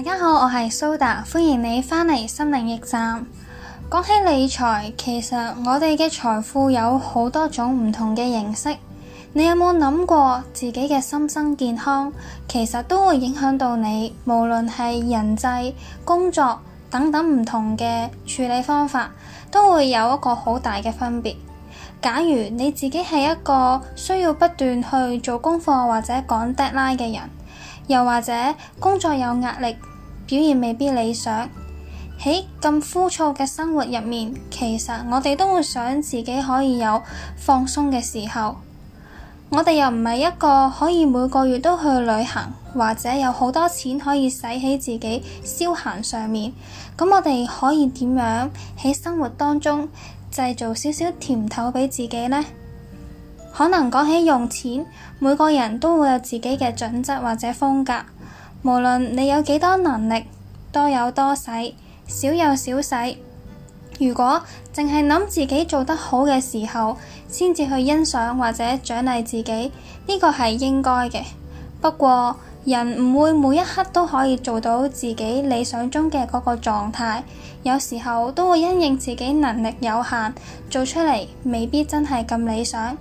大家好，我係蘇達，歡迎你返嚟心靈驛站。講起理財，其實我哋嘅財富有好多種唔同嘅形式。你有冇諗過，自己嘅身心健康，其實都會影響到你，無論係人際、工作等等唔同嘅處理方法，都會有一個好大嘅分別。假如你自己係一個需要不斷去做功課或者講 deadline 嘅人，又或者工作有壓力、表現未必理想，喺咁枯燥嘅生活入面，其實我哋都會想自己可以有放鬆嘅時候。我哋又唔係一個可以每個月都去旅行，或者有好多錢可以使喺自己消閒上面。咁我哋可以點樣喺生活當中，製造少少甜頭畀自己呢？可能講起用錢，每個人都會有自己嘅準則或者風格。無論你有幾多能力，多有多使，少有少使。如果淨係諗自己做得好嘅時候，先至去欣賞或者獎勵自己，呢個係應該嘅。不過，人唔會每一刻都可以做到自己理想中嘅嗰個狀態，有時候都會因應自己能力有限，做出嚟，未必真係咁理想。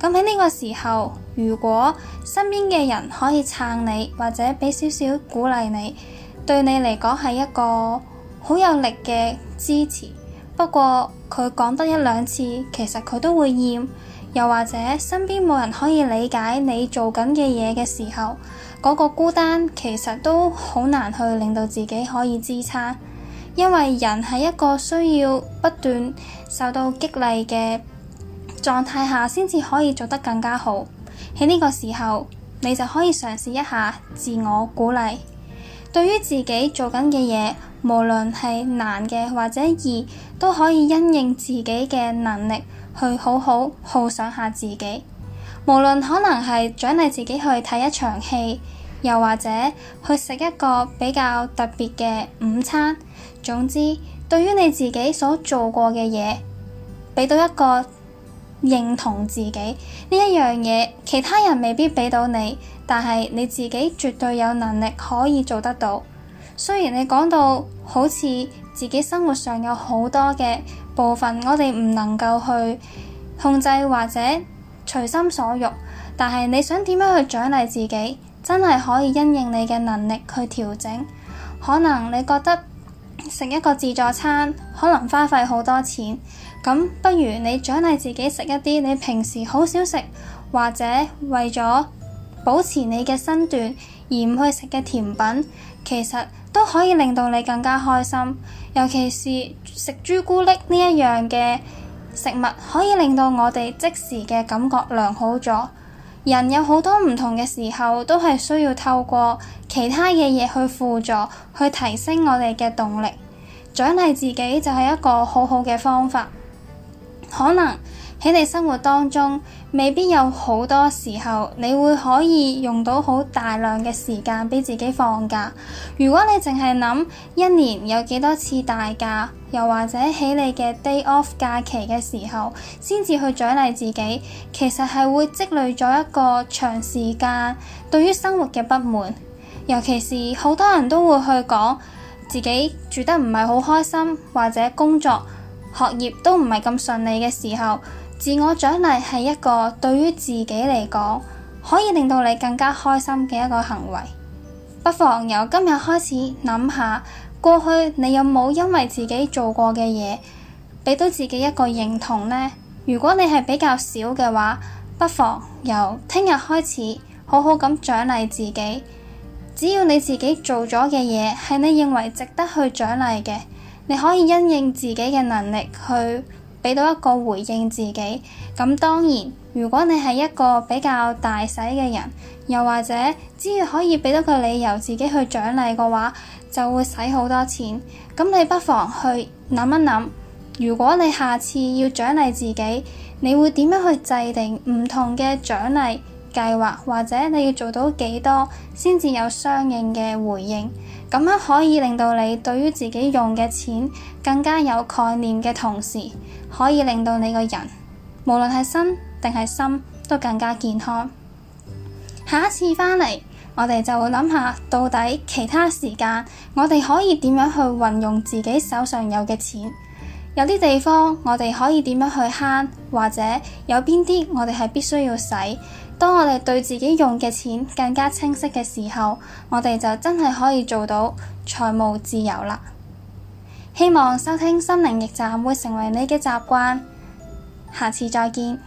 咁喺呢個時候，如果身邊嘅人可以撐你，或者俾少少鼓勵你，對你嚟講係一個好有力嘅支持。不過佢講得一兩次，其實佢都會厭，又或者身邊冇人可以理解你做緊嘅嘢嘅時候。嗰個孤單其實都好難去令到自己可以支撐，因為人係一個需要不斷受到激勵嘅狀態下，先至可以做得更加好。喺呢個時候，你就可以嘗試一下自我鼓勵。對於自己做緊嘅嘢，無論係難嘅或者易，都可以因應自己嘅能力去好好犒賞下自己。無論可能係獎勵自己去睇一場戲，又或者去食一個比較特別嘅午餐，總之，對於你自己所做過嘅嘢，畀到一個認同自己。呢一樣嘢，其他人未必畀到你，但係你自己絕對有能力可以做得到。雖然你講到好似自己生活上有好多嘅部分，我哋唔能夠去控制，或者……隨心所欲，但係你想點樣去獎勵自己，真係可以因應你嘅能力去調整。可能你覺得食一個自助餐可能花費好多錢，咁不如你獎勵自己食一啲你平時好少食，或者為咗保持你嘅身段而唔去食嘅甜品，其實都可以令到你更加開心。尤其是食朱古力呢一樣嘅。食物可以令到我哋即時嘅感覺良好咗。人有好多唔同嘅時候，都係需要透過其他嘅嘢，去輔助，去提升我哋嘅動力。獎勵自己就係一個好好嘅方法，可能。喺你生活當中，未必有好多時候，你會可以用到好大量嘅時間俾自己放假。如果你淨係諗一年有幾多次大假，又或者喺你嘅 day off 假期嘅時候先至去獎勵自己，其實係會積累咗一個長時間對於生活嘅不滿。尤其是好多人都會去講自己住得唔係好開心，或者工作、學業都唔係咁順利嘅時候。自我獎勵係一個對於自己嚟講可以令到你更加開心嘅一個行為，不妨由今日開始諗下，過去你有冇因為自己做過嘅嘢，俾到自己一個認同呢？如果你係比較少嘅話，不妨由聽日開始好好咁獎勵自己，只要你自己做咗嘅嘢係你認為值得去獎勵嘅，你可以因應自己嘅能力去。俾到一個回應自己，咁當然，如果你係一個比較大使嘅人，又或者只要可以畀到個理由自己去獎勵嘅話，就會使好多錢。咁你不妨去諗一諗，如果你下次要獎勵自己，你會點樣去制定唔同嘅獎勵計劃，或者你要做到幾多先至有相應嘅回應？咁樣可以令到你對於自己用嘅錢更加有概念嘅同時，可以令到你個人無論係身定係心都更加健康。下一次返嚟，我哋就會諗下到底其他時間我哋可以點樣去運用自己手上有嘅錢。有啲地方我哋可以點樣去慳，或者有邊啲我哋係必須要使。當我哋對自己用嘅錢更加清晰嘅時候，我哋就真係可以做到財務自由啦。希望收聽心靈驛站會成為你嘅習慣，下次再見。